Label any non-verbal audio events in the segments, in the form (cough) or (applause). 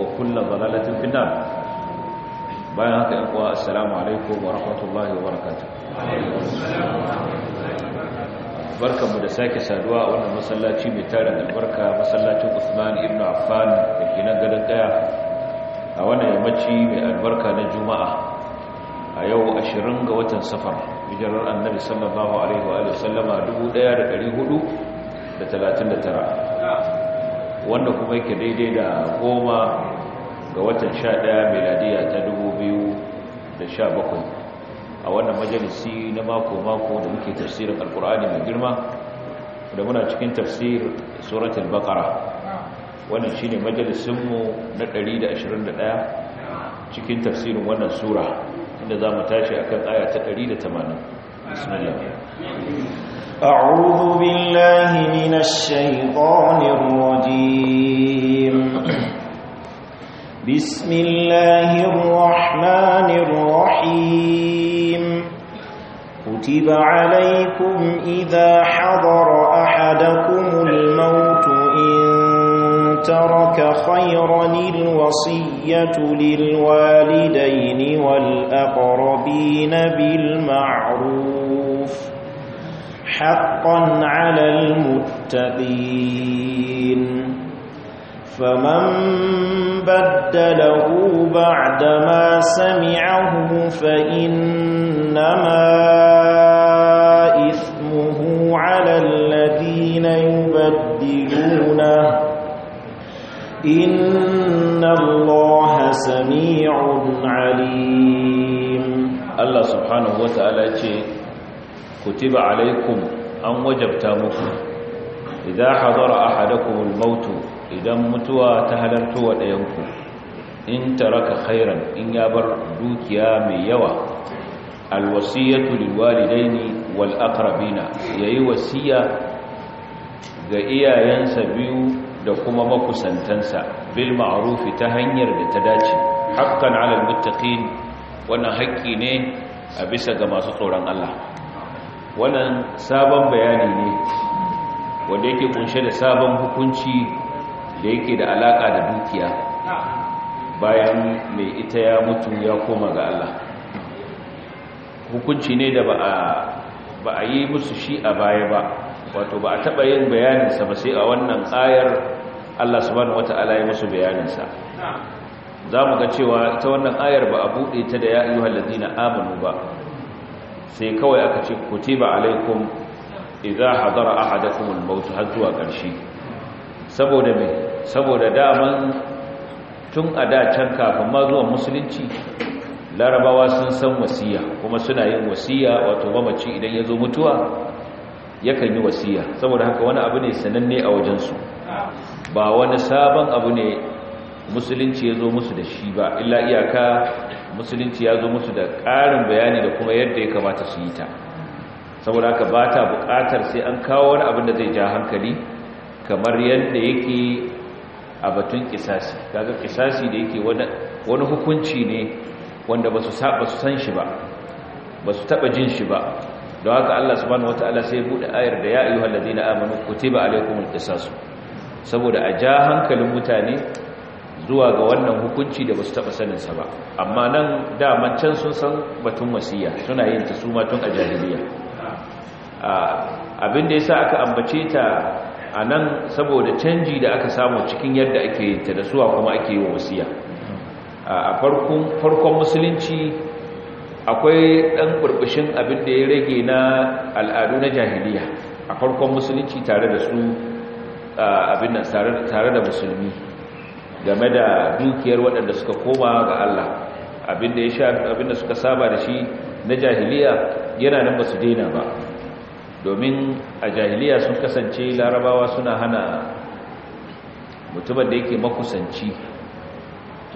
wa kulla dalalatin finna bayan haka yan kuwa assalamu alaikum wa rahmatullahi wa barakatuh barkanmu da sake saduwa a wannan masallaci mai da albarka masallacin Usman ibn Affan da ke nan gadon daya a wannan yammaci mai albarka na Juma'a a yau 20 ga watan Safar hijirar Annabi sallallahu alaihi wa alihi sallama 1439 wanda kuma yake daidai da goma ga watan 11 miladiya ta 2017 a wannan majalisi na mako-mako da muke tafsirin alkur'ani mai girma da muna cikin tafsir suratul baqara wannan shine majalisinmu na 121 cikin tafsirin wannan sura inda za mu tashi akan aya ta 180 bismillah أعوذ بالله من الشيطان الرجيم بسم الله الرحمن الرحيم كتب عليكم إذا حضر أحدكم الموت إن ترك خيرا الوصية للوالدين والأقربين بالمعروف حقا على المتقين فمن بدله بعدما سمعه فإنما إثمه على الذين يبدلونه إن الله سميع عليم الله سبحانه وتعالى كتب عليكم أن وجبت إذا حضر أحدكم الموت idan mutuwa ta halarto wa ɗayanku in taraka khairan in ya bar dukiya mai yawa alwasiyatu lilwalidaini wal aqrabina yayi wasiya ga iyayensa biyu da kuma makusantansa bil ma'arufi ta hanyar da ta dace haqqan 'alal muttaqin wannan haƙƙi ne a bisa ga masu tsoron Allah wannan sabon bayani ne wanda yake kunshe da sabon hukunci da yake da alaka da dukiya bayan mai ita ya mutu ya koma ga Allah hukunci ne da ba a yi musu shi a baya ba wato ba a taɓa yin bayaninsa ba sai a wannan ayar Allah subhanahu wata'ala ya musu bayaninsa za mu ga cewa ta wannan ayar ba a buɗe ta da ya yi hallazina amanu ba sai kawai aka ce ba alaikum idza hadara ahadakumul maut har zuwa ƙarshe saboda mai saboda daman tun a da can kafin ma zuwa musulunci larabawa sun san wasiya kuma suna yin wasiya wato mamaci idan ya zo mutuwa yakan yi wasiya saboda haka wani abu ne sananne a wajensu ba wani sabon abu ne musulunci ya zo musu da shi ba illa iyaka musulunci ya zo musu da ƙarin bayani da kuma yadda ya kamata su yi ta saboda haka ba ta buƙatar sai an kawo wani abin da zai ja hankali kamar yadda yake a batun kisasi kaga kisasi da yake wani hukunci ne wanda basu saba su san shi ba basu taba jin shi ba don haka Allah subhanahu wataala sai bude ayar da ya ayyuhal ladina amanu kutiba alaykumul qisas saboda a ja hankalin mutane zuwa ga wannan hukunci da basu taba sanin sa ba amma nan da can sun san batun wasiya suna yin ta su ma tun a jahiliya abin da yasa aka ambace ta a nan saboda canji da aka samu cikin yadda ake ta da suwa kuma ake yi wa wasiya a farkon musulunci akwai ɗan ƙurɓishin abin da ya rage na al'adu na jahiliya a farkon musulunci tare da su abin nan tare da musulmi game da dukiyar waɗanda suka koma ga Allah abin da suka saba da shi na jahiliya yana nan ba su daina ba domin a jahiliya sun kasance larabawa suna hana mutumin da yake makusanci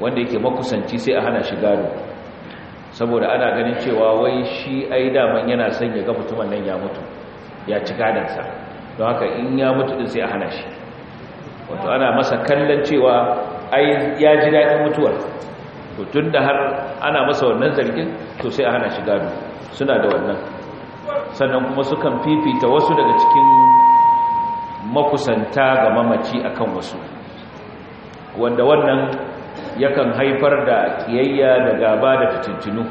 wanda yake makusanci sai a hana shi gado saboda ana ganin cewa wai shi ai daman yana son ya ga mutumin nan ya mutu ya ci gadansa don haka in ya mutu din sai a hana shi wato ana masa kallon cewa ai ya ji daɗin mutuwar to tun da har ana masa wannan zargin to sai a hana shi gado suna da wannan sannan kuma sukan fifita wasu daga cikin makusanta ga mamaci a kan wasu wanda wannan yakan haifar da kiyayya da gaba da fitintinu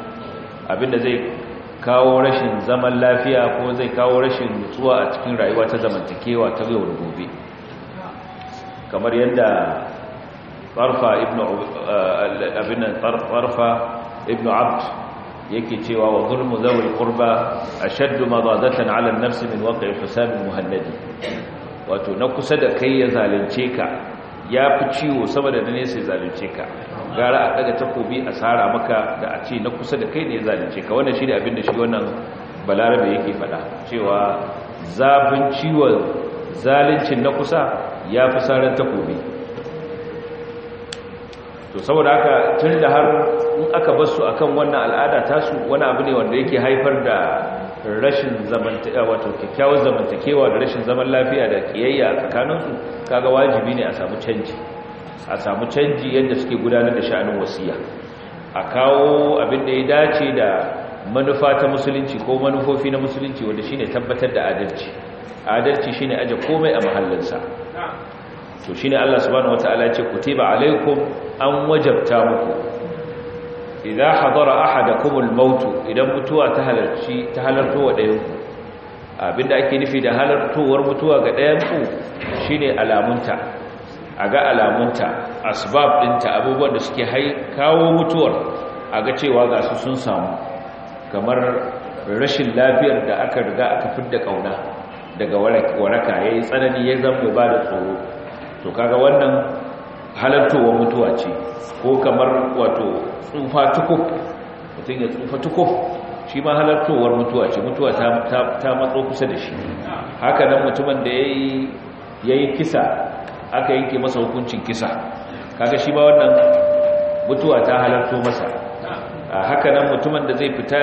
abinda zai kawo rashin zaman lafiya ko zai kawo rashin nutsuwa a cikin rayuwa ta zamantakewa ta yau da gobe kamar yadda Farfa eh, ibn abd yake cewa wa zulmu zawil qurba ashaddu madadatan ala an-nafs min waqi' hisab al-muhalladi wato na kusa da kai ya zalunce ka ya fi ciwo saboda da ne sai zalunce ka gara a daga takobi a sara maka da a ce na kusa da kai ne ya zalunce ka wannan shi ne abin da shi wannan balarabe yake faɗa cewa zafin ciwon zaluncin na kusa ya fi saran takobi to saboda haka tun da har in aka bar su akan wannan al'ada tasu wani abu ne wanda yake haifar da rashin eh, wato kyakkyawar zamantakewa da rashin zaman lafiya da kiyayya tsakaninsu kaga wajibi ne a samu canji a samu canji yadda suke gudanar da sha'anin wasiya a kawo abin da ya dace da manufa ta musulunci ko manufofi na musulunci wanda shine tabbatar da adalci adalci shine aje komai a mahallinsa to shine Allah subhanahu wataala ya ce kutiba alaikum an wajabta muku idan hadara kumul maut idan mutuwa ta halarci ta halarto wa dayan ku abinda ake nufi da halartowar mutuwa ga dayan ku shine alamunta ga alamunta asbab dinta abubuwan da suke hai kawo mutuwar aga cewa ga su sun samu kamar rashin lafiyar da aka riga aka fidda kauna daga waraka yayi tsanani ya zama ba da tsoro to kaga wannan halartowa mutuwa ce ko kamar wato tsufa tukuf mutum ya tsufa tukuf shi ma halartowar mutuwa ce mutuwa ta matso kusa da shi haka nan mutumin da ya yi kisa aka yanke masa hukuncin kisa kaga shi ma wannan mutuwa ta halarto masa haka nan mutumin da zai fita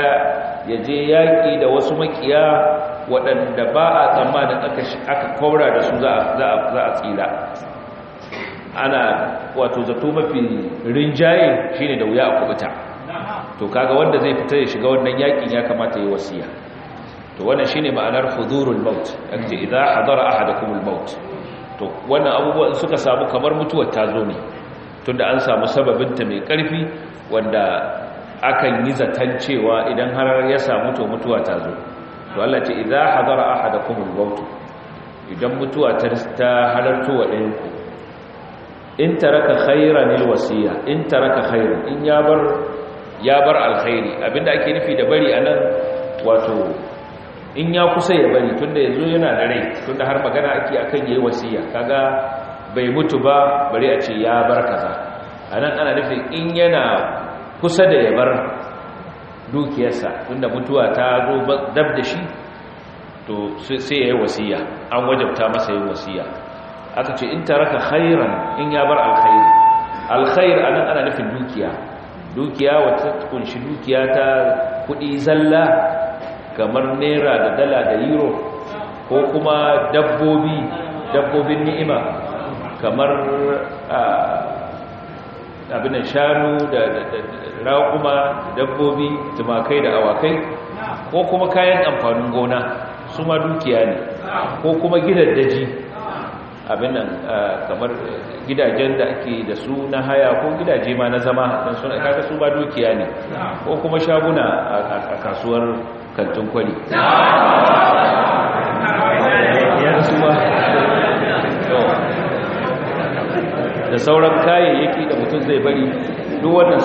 ya je yaƙi da wasu makiya waɗanda ba a tsammanin aka kora da su za a tsira ana wato zato mafi rinjaye shine da wuya a kubuta to kaga wanda zai fita ya shiga wannan yakin ya kamata ya wasiya to wannan ne ma'anar hudurul maut akti idza hadara ahadakumul maut to wannan abubuwan suka samu kamar mutuwar tazo ne tunda an samu sababin ta mai karfi wanda akan yi zatan cewa idan har ya samu to mutuwa tazo to Allah ce idza hadara ahadakumul maut idan mutuwa ta halarto wa ɗayan ku in taraka khairan alwasiya in taraka khairan in ya bar ya bar alkhairi abinda ake nufi da bari anan wato in ya kusa ya bari tunda yanzu yana da rai tunda har magana ake akan yayi wasiya kaga bai mutu ba bari a ce ya bar kaza anan ana nufi in yana kusa da ya bar dukiyarsa tunda mutuwa ta zo dab da shi to sai yayi wasiya an wajabta masa yin wasiya aka ce in taraka khairan in ya bar alkhairi alkhair anan ana nufin dukiya dukiya wata kunshi dukiya ta kudi zalla kamar naira da dala da euro ko kuma dabbobi dabbobin ni'ima kamar abin shanu da raƙuma dabbobi tumakai da awakai ko kuma kayan amfanin gona su ma dukiya ne ko kuma gidan daji abin nan kamar gidajen da ake da su na haya ko gidaje ma na zama don suna kaka su ba dukiya ne ko kuma shaguna a kasuwar kantin kwali da sauran kayayyaki da mutum zai bari duk wannan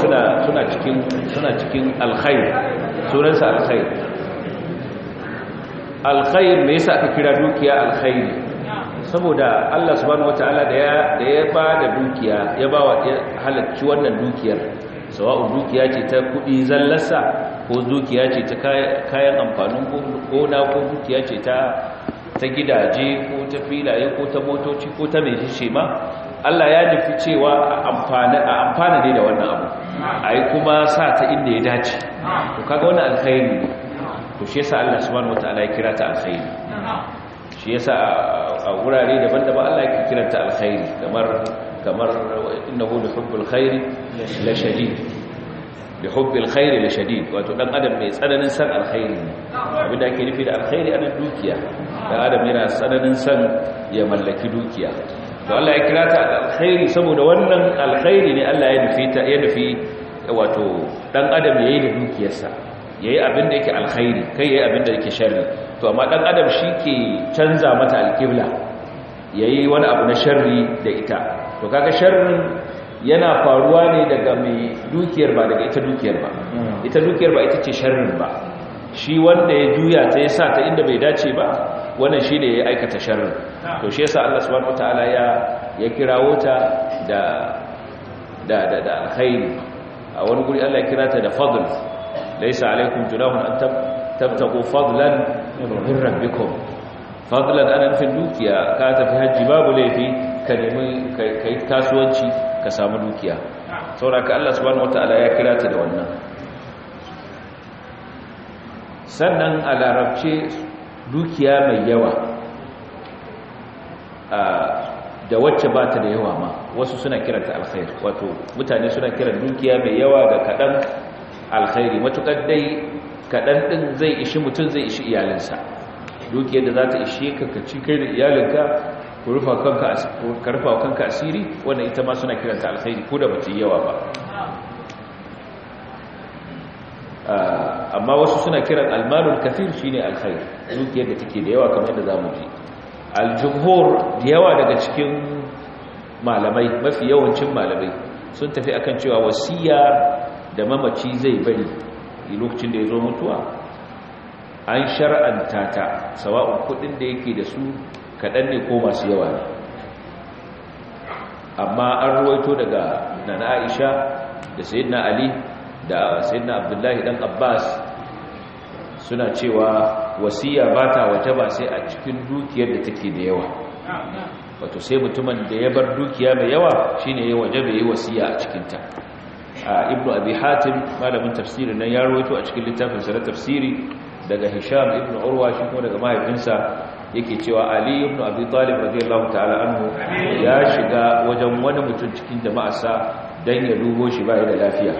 suna cikin suna cikin alkhair sunansa alkhair alkhair me yasa aka kira dukiya alkhairi saboda Allah subhanahu wataala da ya da ya ba dukiya ya ba wa halacci wannan dukiyar sawa'u dukiya ce ta kudi zallarsa ko dukiya ce ta kayan amfanin gona ko dukiya ce ta gidaje ko ta filaye ko ta motoci ko ta mai ce ma Allah ya nufi cewa a amfana ne da wannan abu a yi kuma sa ta inda ya dace to kaga wani alkhairi to shi yasa Allah subhanahu wataala ya kira ta alkhairi shi yasa a wurare daban-daban Allah yake kiranta alkhairi kamar kamar innahu lihubbil khairi la shadid lihubbil khairi la shadid wato dan adam mai tsananin san alkhairi Abin da ake nufi da alkhairi ana dukiya dan adam yana tsananin san ya mallaki dukiya to Allah ya kira alkhairi saboda wannan alkhairi ne Allah ya nufi ta ya nufi wato dan adam yayi da dukiyarsa yayi abin da yake alkhairi kai yayi abin da yake sharri to amma dan adam shi ke canza mata alƙibla yayi wani abu na sharri da ita to kaga sharrin yana faruwa ne daga mai dukiyar ba daga ita dukiyar ba hmm. ita dukiyar ba ita ce sharrin ba shi wanda ya juya ta ya sa ta inda bai dace ba wannan shi ne ya aikata sharrin to shi yasa Allah subhanahu wataala ya ya kirawo ta da da da da alkhairi a wani guri Allah ya kira ta da fadl laysa alaikum junahun an tabtagu fadlan min rabbikum fadlan anan fi dukiya ka tafi hajji babu laifi ka nemi kai kasuwanci ka samu dukiya sauraka Allah subhanahu wataala ya kira ta da wannan sannan a larabce dukiya mai yawa da wacce ba ta da yawa ma wasu suna kiranta alkhair wato mutane suna kiran dukiya mai yawa da kaɗan alkhairi matukar dai kaɗan ɗin zai ishi mutum zai ishi iyalinsa dukiyar da za ta ishe ka ka ci kai da iyalinka ku rufa kanka asiri wanda ita ma suna kiranta alkhairi ko da bata yawa ba ah, amma wasu suna kiran almalul kafir shine alkhair dukiyar da take da yawa kamar yadda zamu ji aljumhur da yawa daga cikin malamai mafi yawancin malamai sun tafi akan cewa wasiya da mamaci zai bari lokacin da ya zo mutuwa an shar'anta ta sawa'un kudin da yake da su kaɗan ne ko masu yawa ne amma an ruwaito daga nana aisha da sayyidina ali da sayyidina abdullahi dan abbas suna cewa wasiya ba ta wata ba sai a cikin dukiyar da take da yawa wato sai mutumin da ya bar dukiya mai yawa shine ya waje bai yi wasiya a cikinta ibnu abi hatim malamin tafsiri nan ya rawaito a cikin littafin sa tafsiri daga hisham ibnu urwa shi kuma daga mahaifinsa yake cewa ali ibnu abi talib radiyallahu ta'ala anhu ya shiga wajen wani mutum cikin sa dan ya dubo shi bai da lafiya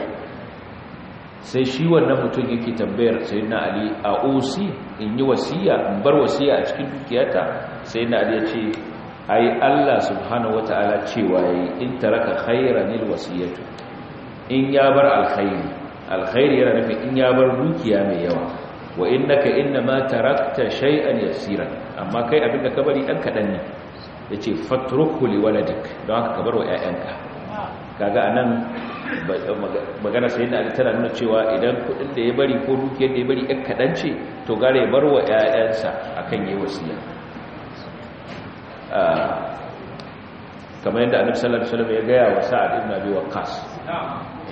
sai shi wannan mutum yake tambayar sayyidina ali a osi in yi wasiya in bar wasiya a cikin dukiyata sayyidina ali ya ce ai Allah subhanahu wataala cewa in taraka khairan lil wasiyatu in ya bar alkhairi alkhairi yana nufin in ya bar dukiya mai yawa wa innaka innama tarakta shay'an yasiran amma kai abin da ka bari dan kadan ne yace fatruku waladik don haka ka bar wa ƴaƴanka kaga anan magana sai da tana nuna cewa idan kudin da ya bari ko dukiyar da ya bari ɗan kadan ce to gare ya bar wa ‘ya'yansa akan kan yi wasiya ah, kamar yadda annabi sallallahu alaihi wasallam ya gaya wa sa'ad ibn abi waqqas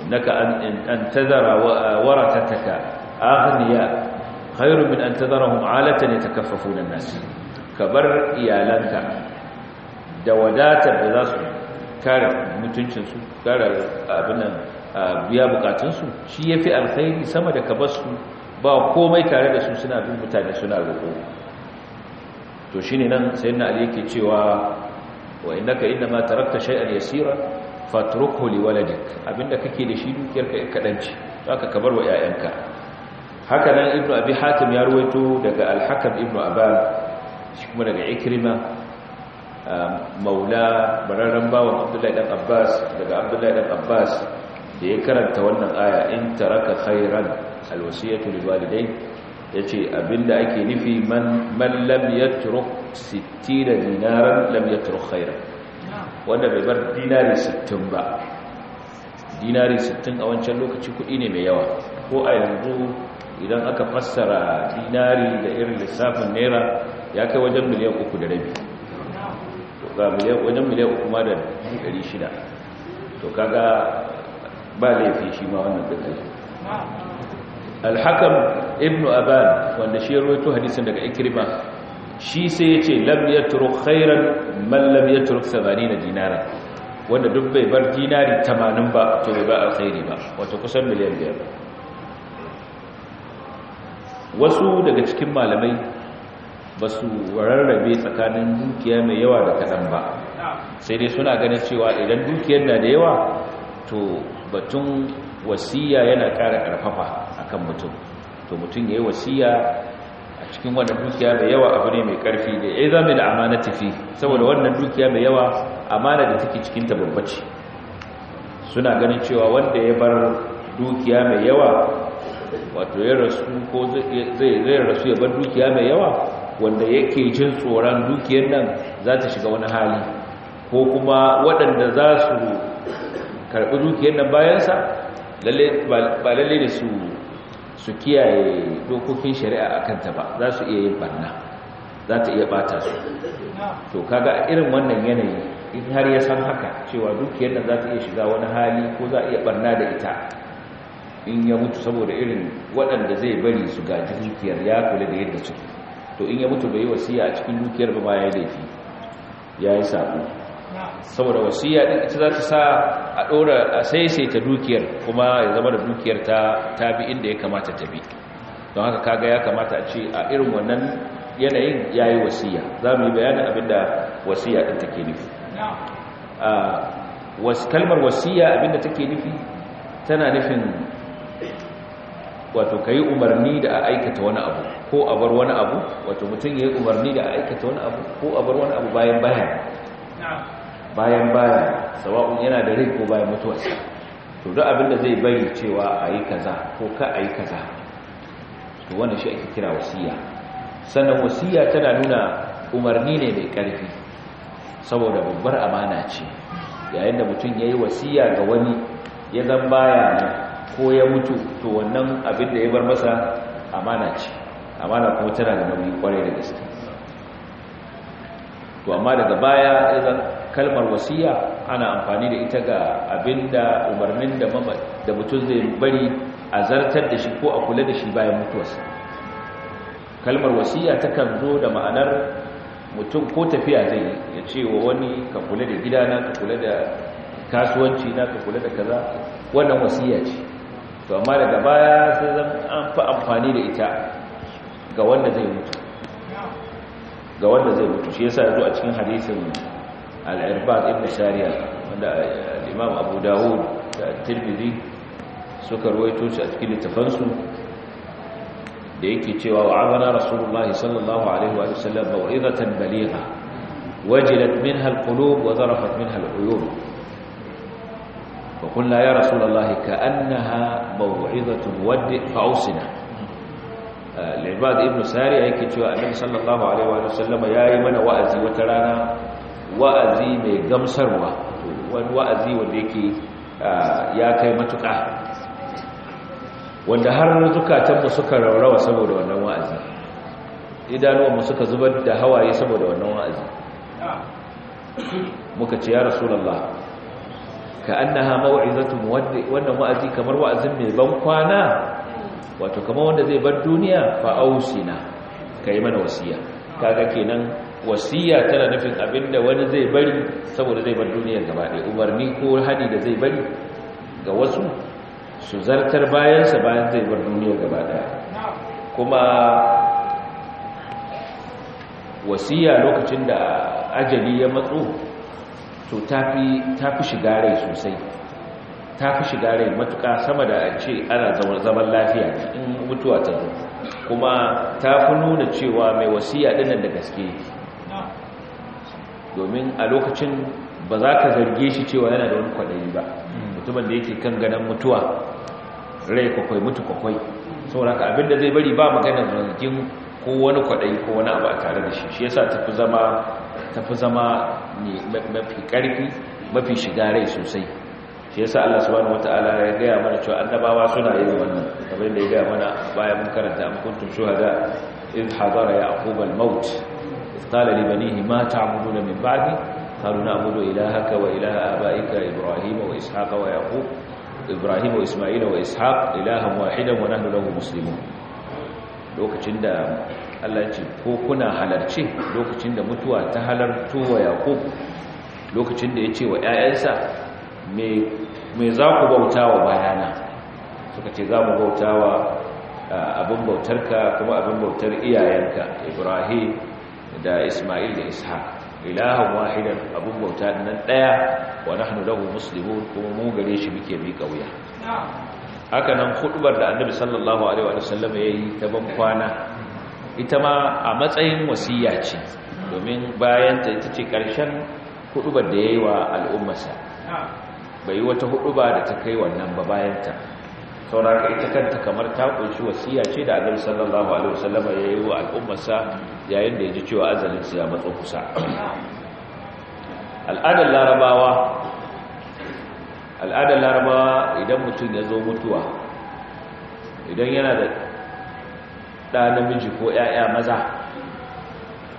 innaka an an tadhara warathataka uh, aghniya khairun min an alatan yatakaffafuna an-nas kabar iyalanka da wadatar da za su kare mutuncinsu kare uh, abin nan uh, biya bukatunsu shi ya fi alkhairi sama da ka basu ba komai tare da su suna bin mutane suna roƙo to shine nan sai na yake cewa wa innaka ma tarakta shay'an yasira fatrukhu liwaladik abinda kake da shi dukiyarka ya kadanci haka ka wa yayanka haka nan ibnu abi hatim ya ruwaito daga al ibnu abal shi kuma daga ikrima maula bararran bawan abdullahi dan abbas daga abdullahi dan abbas da ya karanta wannan aya in taraka khairan alwasiyatu liwalidayn yace abinda ake nufi man man lam yatruk 60 dinaran lam yatruk khairan wanda bai bar dinari 60 ba dinari 60 a wancan lokaci kudi ne mai yawa ko a yanzu idan aka fassara dinari da irin lissafin naira ya kai wajen miliyan uku da rabi ga wajen miliyan uku ma da dari shida to kaga ba laifin shi ma wannan ɗin alhakam ibn ibnu aban wanda shi rawaito hadisin daga ikrima shi sai yace lam yatruk khairan man lam yatruk na dinara wanda duk bai bar dinari tamanin ba to bai ba alkhairi ba wato kusan miliyan biyar wasu daga cikin malamai ba su rarrabe tsakanin dukiya mai yawa da kaɗan ba sai dai suna ganin cewa idan dukiyar na da yawa to batun wasiya yana ƙara ƙarfafa akan mutum to mutum yayi wasiya a cikin wannan dukiya mai yawa abu ne mai karfi da ya zama da amana tafi saboda wannan dukiya mai yawa amana da take cikin ta suna ganin cewa wanda ya bar dukiya mai yawa wato ya rasu ko zai zai rasu ya bar dukiya mai yawa wanda yake jin tsoron dukiyar nan za ta shiga wani hali ko kuma waɗanda za su karɓi dukiyar nan bayansa ba lalle ne su su kiyaye dokokin shari'a a kanta ba za su iya yin barna za ta iya bata su to kaga irin wannan yanayi in har ya san haka cewa dukiyar nan za ta iya shiga wani hali ko za a iya barna da ita in ya mutu saboda irin waɗanda zai bari su gaji dukiyar ya kula da yadda suke to in ya mutu bai yi wasiya a cikin dukiyar ba ma ya laifi ya yi sabu saboda wasiya din ita za ta sa a dora a saisaita dukiyar kuma ya zama da dukiyar ta ta bi inda ya kamata ta bi don haka kaga ya kamata a ce a irin wannan yanayin yayi wasiya za mu yi bayanin abinda wasiya din take nufi a was kalmar wasiya abinda take nufi tana nufin wato kai umarni da a aikata wani abu ko a bar wani abu wato mutum yayi umarni da a aikata wani abu ko a bar wani abu bayan bayan bayan baya sawa'un yana da rai ko bayan mutuwarsa to duk abin da zai bari cewa a yi kaza ko ka a yi kaza to wannan shi ake kira wasiya sannan wasiya tana nuna umarni ne mai ƙarfi saboda babbar amana ce yayin da mutum ya yi wasiya ga wani ya zan baya ko ya mutu to wannan abin da ya bar masa amana ce amana kuma tana da nauyi kwarai da gaske to amma daga baya idan kalmar wasiya ana amfani da ita ga abin da umarnin da mutum zai bari a zartar da shi ko a kula da shi bayan mutuwarsa kalmar wasiya takan zo da ma'anar mutum ko tafiya zai ya ce wa wani ka kula da gidana ka kula da kasuwanci na ka kula da kaza wannan wasiya ce to amma daga baya sai zan an fi amfani da ita ga wanda zai mutu ga wanda zai mutu shi yasa zo a cikin hadisin al-irbad ibn sariya wanda eh, imam abu dawud da tirmidhi suka ruwaito shi a cikin littafansu da yake cewa wa amana rasulullahi sallallahu alaihi wa sallam mau'izatan baligha wajilat min al-qulub wa zarafat minha al-uyub فقلنا يا رسول الله كأنها موعظة مودع فأوصنا العباد ابن ساري أي كتوى النبي صلى الله عليه وآله وسلم يا يمن وأزي wa'azi mai gamsarwa wani wa'azi wanda yake ya kai matuƙa wanda har zukatanmu suka raurawa saboda wannan wa'azi idanuwanmu suka zubar da hawaye saboda wannan wa'azi muka ce ya rasulallah ka annaha maw'izatun wannan wa'azi kamar wa'azin mai ban kwana wato kamar wanda zai bar duniya fa'ausina, ka kai mana wasiya kaga kenan wasiya tana nufin abinda wani zai bari saboda zai bar duniyar gaba ɗaya umarni ko hadi da zai bari ga wasu su zartar bayansa bayan zai bar duniyar gaba ɗaya kuma wasiya lokacin da ajali ya matso to ta fi shiga rai sosai ta fi shiga rai matuka sama da ce ana zaman lafiya in mutuwa ta zo kuma ta fi nuna cewa mai wasiya ɗinan da gaske domin a lokacin ba za ka zarge shi cewa yana da wani kwaɗayi ba mutumin da yake kan ganin mutuwa rai kwakwai mutu kwakwai abin da zai bari ba magana zargin ko wani kwaɗayi ko wani abu a tare da shi shi yasa tafi zama tafi zama mafi ƙarfi mafi shiga rai sosai shi yasa Allah subhanahu wataala ya gaya mana cewa annabawa suna yin wannan kamar yadda ya gaya mana bayan mun karanta an kuntum shuhada in hadara yaqub al-maut قال لبنيه ما تعبدون من بعدي قالوا نعبد إلهك وإله آبائك إبراهيم وإسحاق ويعقوب إبراهيم وإسماعيل وإسحاق إلها واحدا ونحن له مسلمون lokacin da Allah ce ko kuna halarci lokacin da mutuwa ta halarto wa Yaqub lokacin da ya ce wa ‘ya'yansa me za ku bauta wa bayana suka ce za mu bauta wa abin bautarka kuma abin bautar iyayenka ibrahim da Isma'il da Ishaq ilahun wahida abun bauta nan daya wa nahnu lahu muslimun kuma mu gare shi muke bi kauya haka nan khutbar da Annabi sallallahu alaihi wa sallam yayi ta ban kwana ita ma a matsayin wasiya ce domin bayan ta ita ce karshen khutbar da yayi wa al'ummarsa bai wata huɗuba da ta kai wannan ba bayan ta sauraka ita kanta kamar ta kunshi wasiya ce da annabi sallallahu alaihi wasallam ya yi wa al'ummarsa yayin da ya ji cewa azalin su ya matso kusa al'adar larabawa al'adar larabawa idan mutum ya zo mutuwa idan yana da ɗa namiji ko ‘ya'ya maza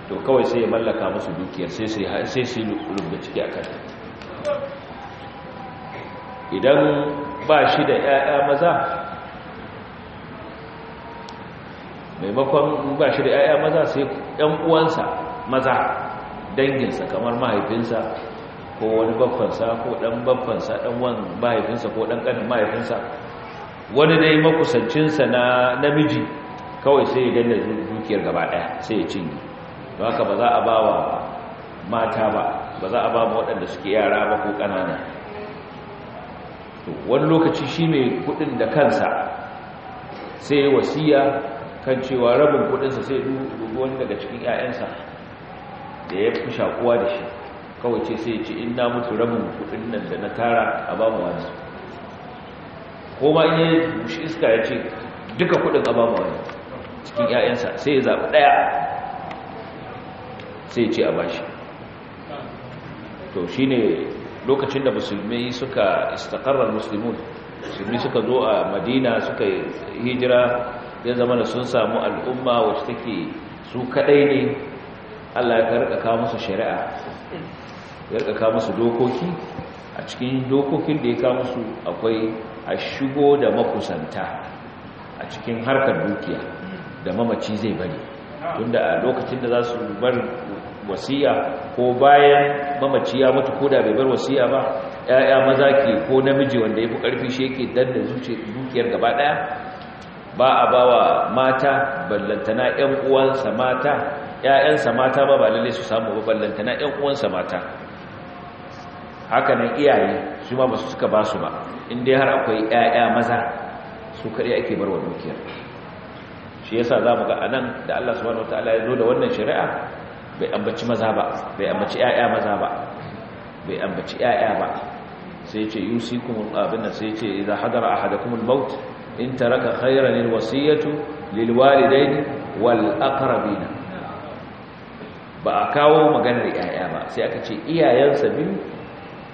to kawai sai ya mallaka musu dukiyar sai su yi lubda ciki a kanta idan ba shi da ‘ya'ya maza maimakon ba shi da ‘ya'ya maza sai ‘yan uwansa maza danginsa kamar mahaifinsa ko wani babbansa ko ɗan babbansa ɗan wani mahaifinsa ko ɗan ƙanin mahaifinsa wani dai makusancinsa na namiji kawai sai ya ganda dukiyar gaba ɗaya sai ya cinye ba haka ba za a ba wa mata ba ba za a ba waɗanda suke yara ba ko ƙanana to wani lokaci shi mai kudin da kansa sai wasiya kan cewa rabin kudinsa sai dubu wani daga cikin 'ya'yansa da ya fi shakuwa da shi kawai ce sai ce ina mutu rabin kudin nan da na tara a babu wani ko ma iya shi bushi iska ya ce duka kudin a babu wani cikin 'ya'yansa sai ya zaɓi ɗaya sai ce a bashi to shi lokacin da musulmi suka istakarar musulmin musulmi suka zo a madina suka hijira ya zama da sun samu al'umma wacce take su kadai ne Allah ya karka kawo musu shari'a ya karka kawo musu dokoki a cikin dokokin da ya kawo musu akwai a shigo da makusanta a cikin harkar dukiya da mamaci zai bari tunda a lokacin da za su bar wasiya ko bayan mamaci ya mutu ko da bai bar wasiya ba ya'ya maza ke ko namiji wanda ya fi ƙarfi shi yake danna dukiyar gaba ɗaya ba a ba mata ballantana 'yan uwansa mata 'ya'yansa mata ba ba lalle su samu ba ballantana 'yan uwansa mata haka nan iyaye su ma ba su suka ba su ba dai har akwai 'ya'ya maza su kaɗai ake bar wa dukiyar shi yasa za ga anan da Allah subhanahu wataala ya zo da wannan shari'a bai ambaci maza ba bai ambaci ƴaƴa maza ba bai ambaci ƴaƴa ba sai yace yusikum abin nan sai yace idza hadara ahadakum al-maut in taraka khayran al-wasiyatu lil walidayn wal aqrabin ba a kawo maganar ƴaƴa ba sai aka ce iyayensa biyu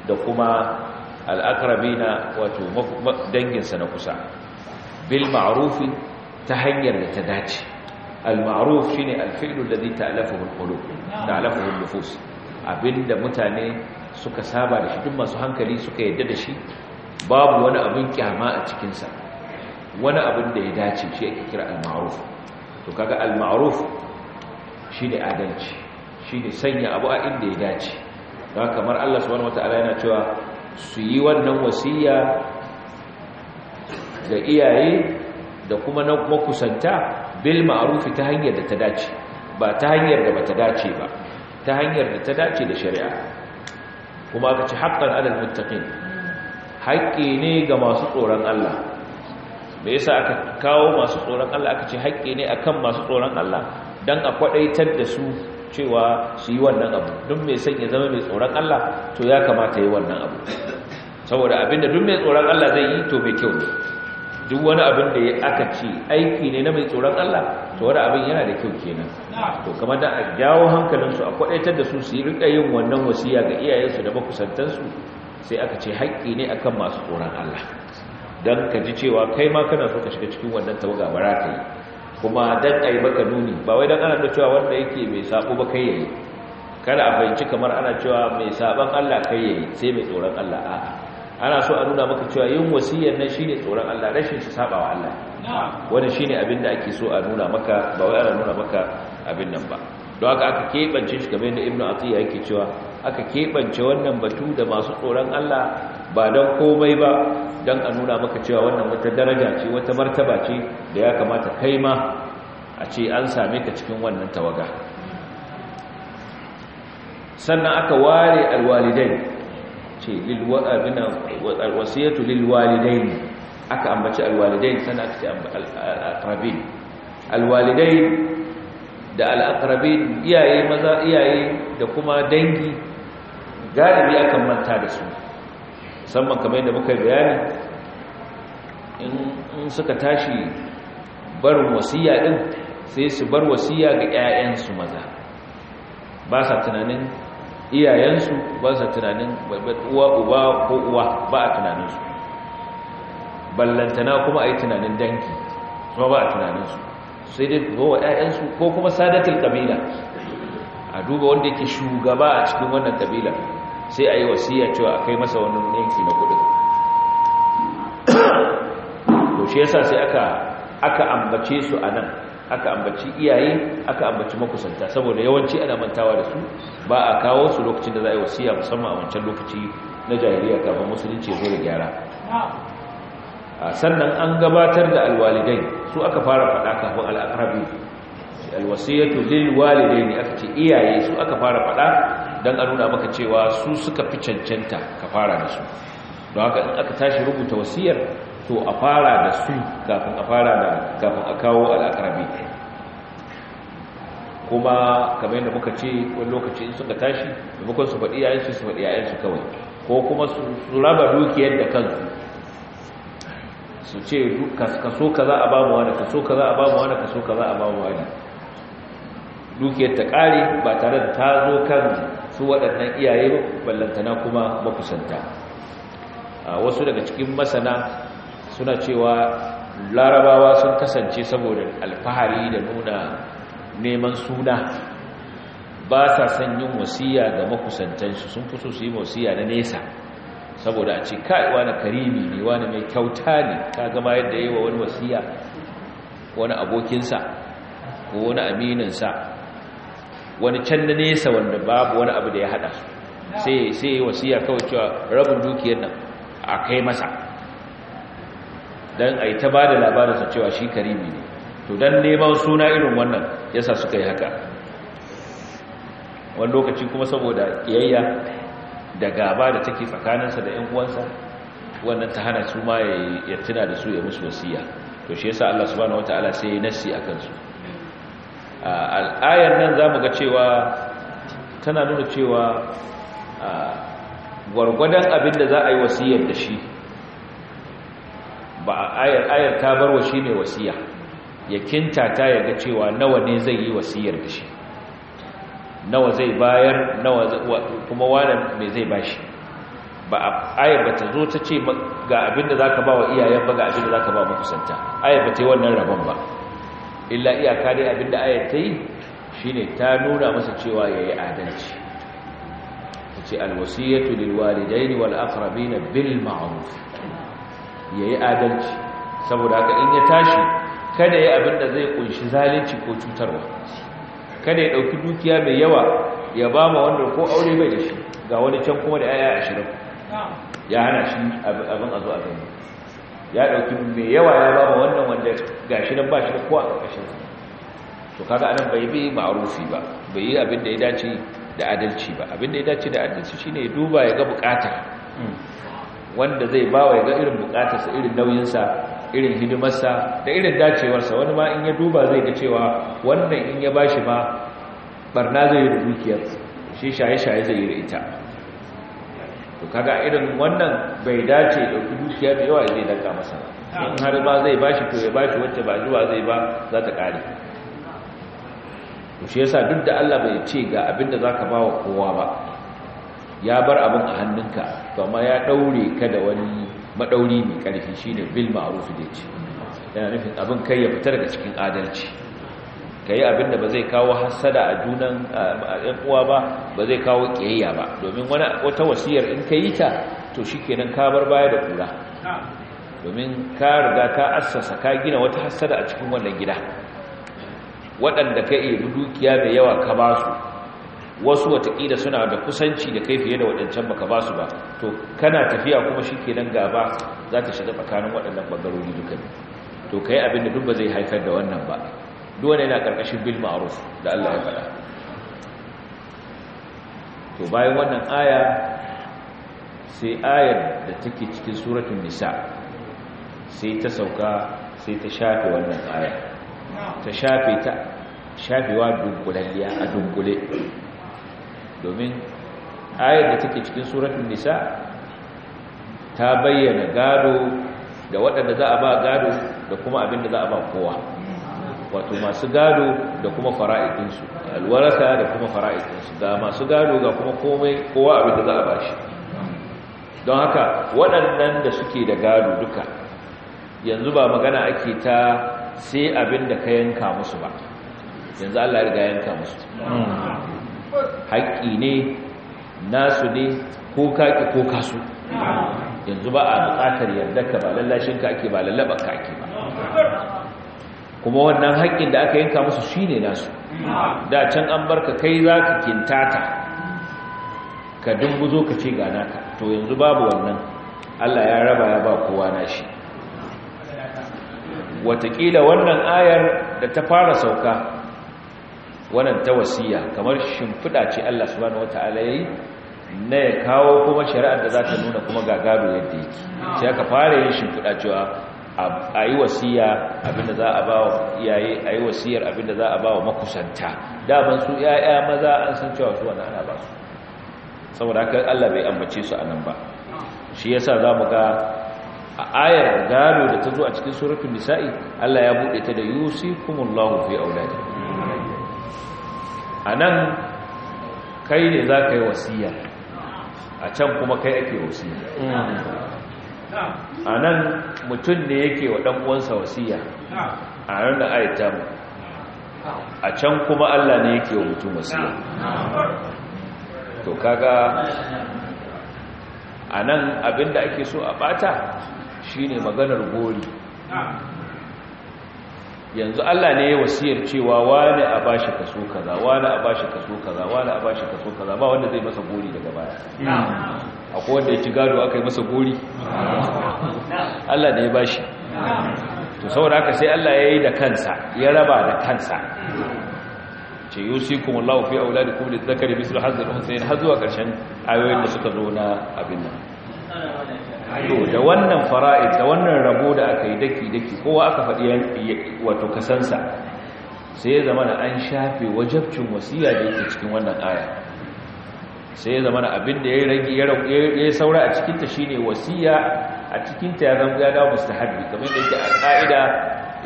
da kuma al-aqrabina wato danginsa na kusa bil ma'rufi ta hanyar da ta dace al-ma'ruf shine al-fi'lu alladhi ta'lafuhu al-qulub ta'lafuhu an-nufus abinda mutane suka saba da shi duk masu hankali suka yarda da shi babu wani abin kyama a cikin sa wani abin da ya dace shi ake kira al to kaga al-ma'ruf shine adalci shine sanya abu a inda ya dace don kamar Allah subhanahu wataala yana cewa su yi wannan wasiya ga iyaye da kuma na makusanta bil ma'arufi ta hanyar da ta dace ba ta hanyar da bata dace ba ta hanyar da ta dace da shari'a kuma aka ci haƙƙan alal muttaqin haƙƙi ne ga masu tsoron Allah me yasa aka kawo masu tsoron Allah aka ce haƙƙi ne akan masu tsoron Allah dan a kwadaitar da su cewa su yi wannan abu duk mai son ya zama mai tsoron Allah to ya kamata yi wannan abu saboda abinda duk mai tsoron Allah zai yi to mai kyau ne duk wani abin da ya aka ce aiki ne na mai tsoron Allah to wani abin yana da kyau kenan to kamar da a jawo su a kwadaitar da su su yi rika yin wannan wasiya ga iyayensu da makusantansu sai aka ce haƙƙi ne akan masu tsoron Allah dan ka ji cewa kai ma kana so ka shiga cikin wannan tawaga bara ka yi kuma dan ai baka nuni ba wai dan ana da cewa wanda yake mai sako ba kai yayi kada a fahimci kamar ana cewa mai saban Allah kai yayi sai mai tsoron Allah a'a ana so a nuna maka cewa yin wasiyyar nan shine tsoron Allah rashin shi sabawa Allah wannan shine abin da ake so a nuna maka ba wai ana nuna maka abin nan ba don haka aka kebance shi kamar yadda Ibn Atiyya yake cewa aka kebance wannan batu da masu tsoron Allah ba don komai ba don a nuna maka cewa wannan wata daraja ce wata martaba ce da ya kamata kai ma a ce an same ka cikin wannan tawaga sannan aka ware alwalidai ce wasiyatu lilwalidain aka ambaci alwalidain sana ce al'aqrabin alwalidain da al'aqrabin iyaye maza iyaye da kuma dangi galibi akan manta da su musamman kamar yadda muka bayani in suka tashi bar wasiya din sai su bar wasiya ga 'ya'yansu maza ba sa tunanin iyayensu ba su tunanin uwa uba ko uwa ba a tunaninsu ballantana kuma a tunanin danki kuma ba a tunaninsu sai dai ba wa 'ya'yansu ko kuma sadatul kabila a duba wanda yake shugaba a cikin wannan kabila sai a yi wasiya cewa a kai masa wani yanki na kudin to shi yasa sai aka aka ambace su a nan aka ambaci iyaye aka ambaci makusanta saboda yawanci ana mantawa da su ba a kawo su lokacin da za a yi wasiya musamman a wancan lokaci na jahiliya kafin musulunci ya zo da gyara sannan an gabatar da alwalidai su aka fara faɗa kafin al'aqrabi alwasiyatu lil walidaini aka ce iyaye su aka fara faɗa dan a nuna maka cewa su suka fi cancanta ka fara da su don haka in aka tashi rubuta wasiyar to a fara da su kafin a fara da kafin a kawo al'akarabi kuma kamar yadda muka ce wani lokaci in suka tashi da mukon su faɗi yayansu su faɗi yayansu kawai ko kuma su raba dukiyar da kansu su ce kaso ka za a ba mu wani kaso ka za a ba mu wani kaso ka za a ba mu wani dukiyar ta ƙare ba tare da ta zo kan su waɗannan iyaye ballantana kuma makusanta wasu daga cikin masana suna cewa larabawa sun kasance saboda alfahari da nuna neman suna ba sa son yin wasiya ga makusantansu sun fi so su yi wasiya na nesa saboda a ce kai wani karimi ne wani mai kyauta ne ta gama yadda yi wa wani wasiya wani abokinsa ko wani amininsa wani can na nesa wanda babu wani abu da ya hada su sai yi wasiya kawai cewa rabin dukiyar nan a kai masa don a yi ta ba da labarinsa cewa shi karimi ne to don neman suna irin wannan yasa suka yi haka wani lokaci kuma saboda kiyayya da gaba da take tsakaninsa da 'yan uwansa wannan ta hana su ma ya tuna da su ya musu wasiya to shi yasa Allah subhanahu wataala sai ya nasi akan su al'ayar nan zamu ga cewa tana nuna cewa gwargwadon abin da za a yi wasiyar da shi ba a ayar ayar ta barwa shi mai wasiya ya ta ta yaga cewa nawa ne zai yi wasiyar da shi nawa zai bayar nawa kuma wani mai zai bashi ba a ayar ba ta zo ta ce ga abinda za ka ba wa iyayen ba ga abinda za ka ba makusanta ayar ba ta yi wannan rabon ba illa iyaka dai abinda ayar ta yi shi ne ta nuna masa cewa ya yi adalci ta ce alwasiyyatu lilwalidaini wal aqrabina bil ma'ruf ya yi adalci saboda haka in ya tashi kada ya abin da zai kunshi zalunci ko cutarwa kada ya ɗauki dukiya mai yawa ya ba ma wanda ko aure bai da shi ga wani can kuma da yaya ashirin ya hana shi abin a zuwa gani ya ɗauki mai yawa ya ba ma wannan wanda ga shi nan ba shi da ko a ƙarƙashin to kaga anan bai bi ma'arufi ba bai yi abin da ya dace da adalci ba abin da ya dace da adalci shine ya duba ya ga buƙatar wanda zai bawa ya ga irin bukatarsa irin nauyinsa irin hidimarsa da irin dacewarsa wani ma in ya duba zai ga cewa wannan in ya bashi ma barna zai yi da dukiyar shi shaye-shaye zai yi da ita to kaga irin wannan bai dace da dukiya da yawa zai daka masa in har ba zai bashi to ya bashi wacce ba zuwa zai ba za ta kare to shi yasa duk da Allah bai ce ga abinda zaka bawa kowa ba ya bar abin a hannunka to amma ya daure ka da wani madauri mai karfi shine bil ma'ruf da ce yana nufin abin kai ya fita daga cikin adalci kai abin da ba zai kawo hasada a junan ɗan uwa ba ba zai kawo kiyayya ba domin wani wata wasiyar in kai ta to shikenan ka bar baya da kula domin ka riga ka assasa ka gina wata hasada a cikin wannan gida waɗanda ka yi dukiya mai yawa ka ba su wasu watakila suna da kusanci da kai fiye da waɗancan baka ba su ba to kana tafiya kuma shi kenan gaba za ta shiga tsakanin waɗannan ɓangarori duka ne to ka yi abin da duk ba zai haifar da wannan ba duwane yana ƙarƙashin bil ma'aruf da Allah ya faɗa to bayan wannan aya sai ayar da take cikin suratun nisa sai ta sauka sai ta shafe wannan aya ta shafe ta shafewa dunkulalliya a dunkule domin ayar da take cikin suratun nisa ta bayyana gado da waɗanda za a ba gado da kuma abin da za a ba kowa wato masu gado da kuma fara'idinsu alwarasa da kuma fara'idinsu ga masu gado ga kuma komai kowa abin da za a ba shi don haka waɗannan da suke da gado duka yanzu ba magana ake ta sai abin da ka yanka musu ba yanzu Allah ya riga yanka musu haƙƙi ne nasu ne ko kaƙi ko kasu yanzu ba a buƙatar ka ba lallashin kaƙi ba lallaban kaƙi ba kuma wannan haƙƙin da aka yanka musu shi ne nasu da can an barka kai za ka kintata ka dumbuzo ka ce ga ka. to yanzu babu wannan allah ya raba ya ba kowa na shi. wataƙila wannan ayar da ta fara sauka wannan ta wasiya kamar shimfiɗa ce Allah subhanahu wata'ala yayi na ya kawo kuma shari'ar da za ta nuna kuma ga yadda yake sai aka fara yin shimfiɗa cewa a yi wasiya abinda za a ba wa iyaye a wasiyar abinda za a ba wa makusanta daman su ya'ya maza an san cewa su wani ana ba su saboda haka Allah bai ambace su anan ba shi yasa za mu ga a ayar gado da ta zo a cikin suratul nisa'i Allah ya buɗe ta da yusikumullahu fi auladikum a nan kai ne za ka yi wasiya a can kuma kai ake wasiya a nan mutum ne yake wa ɗan'uwansa wasiya a nan da aita a can kuma allah ne yake wa mutum wasiya to kaga a nan abinda ake so a bata ne maganar gori yanzu Allah ne ya wasiyar cewa wani a bashi kaso kaza wani a bashi kaso kaza wani a bashi kaso kaza ba wanda zai masa gori daga baya akwai wanda ya ci gado aka yi masa gori Allah ne ya bashi to saboda haka sai Allah ya yi da kansa ya raba da kansa ce wula da kuma da lidzakari mithlu hazzil unsayn har zuwa karshen ayoyin da suka zo na abin nan to da wannan fara'id da wannan rabo da aka yi daki-daki kowa aka faɗi wato kasansa sai ya zama da an shafe wajabcin wasiya da yake cikin wannan aya sai ya zama da abin da ya yi ya saura a cikinta shine wasiya a cikinta ya zama ya dawo mustahabbi kamar da yake a ƙa'ida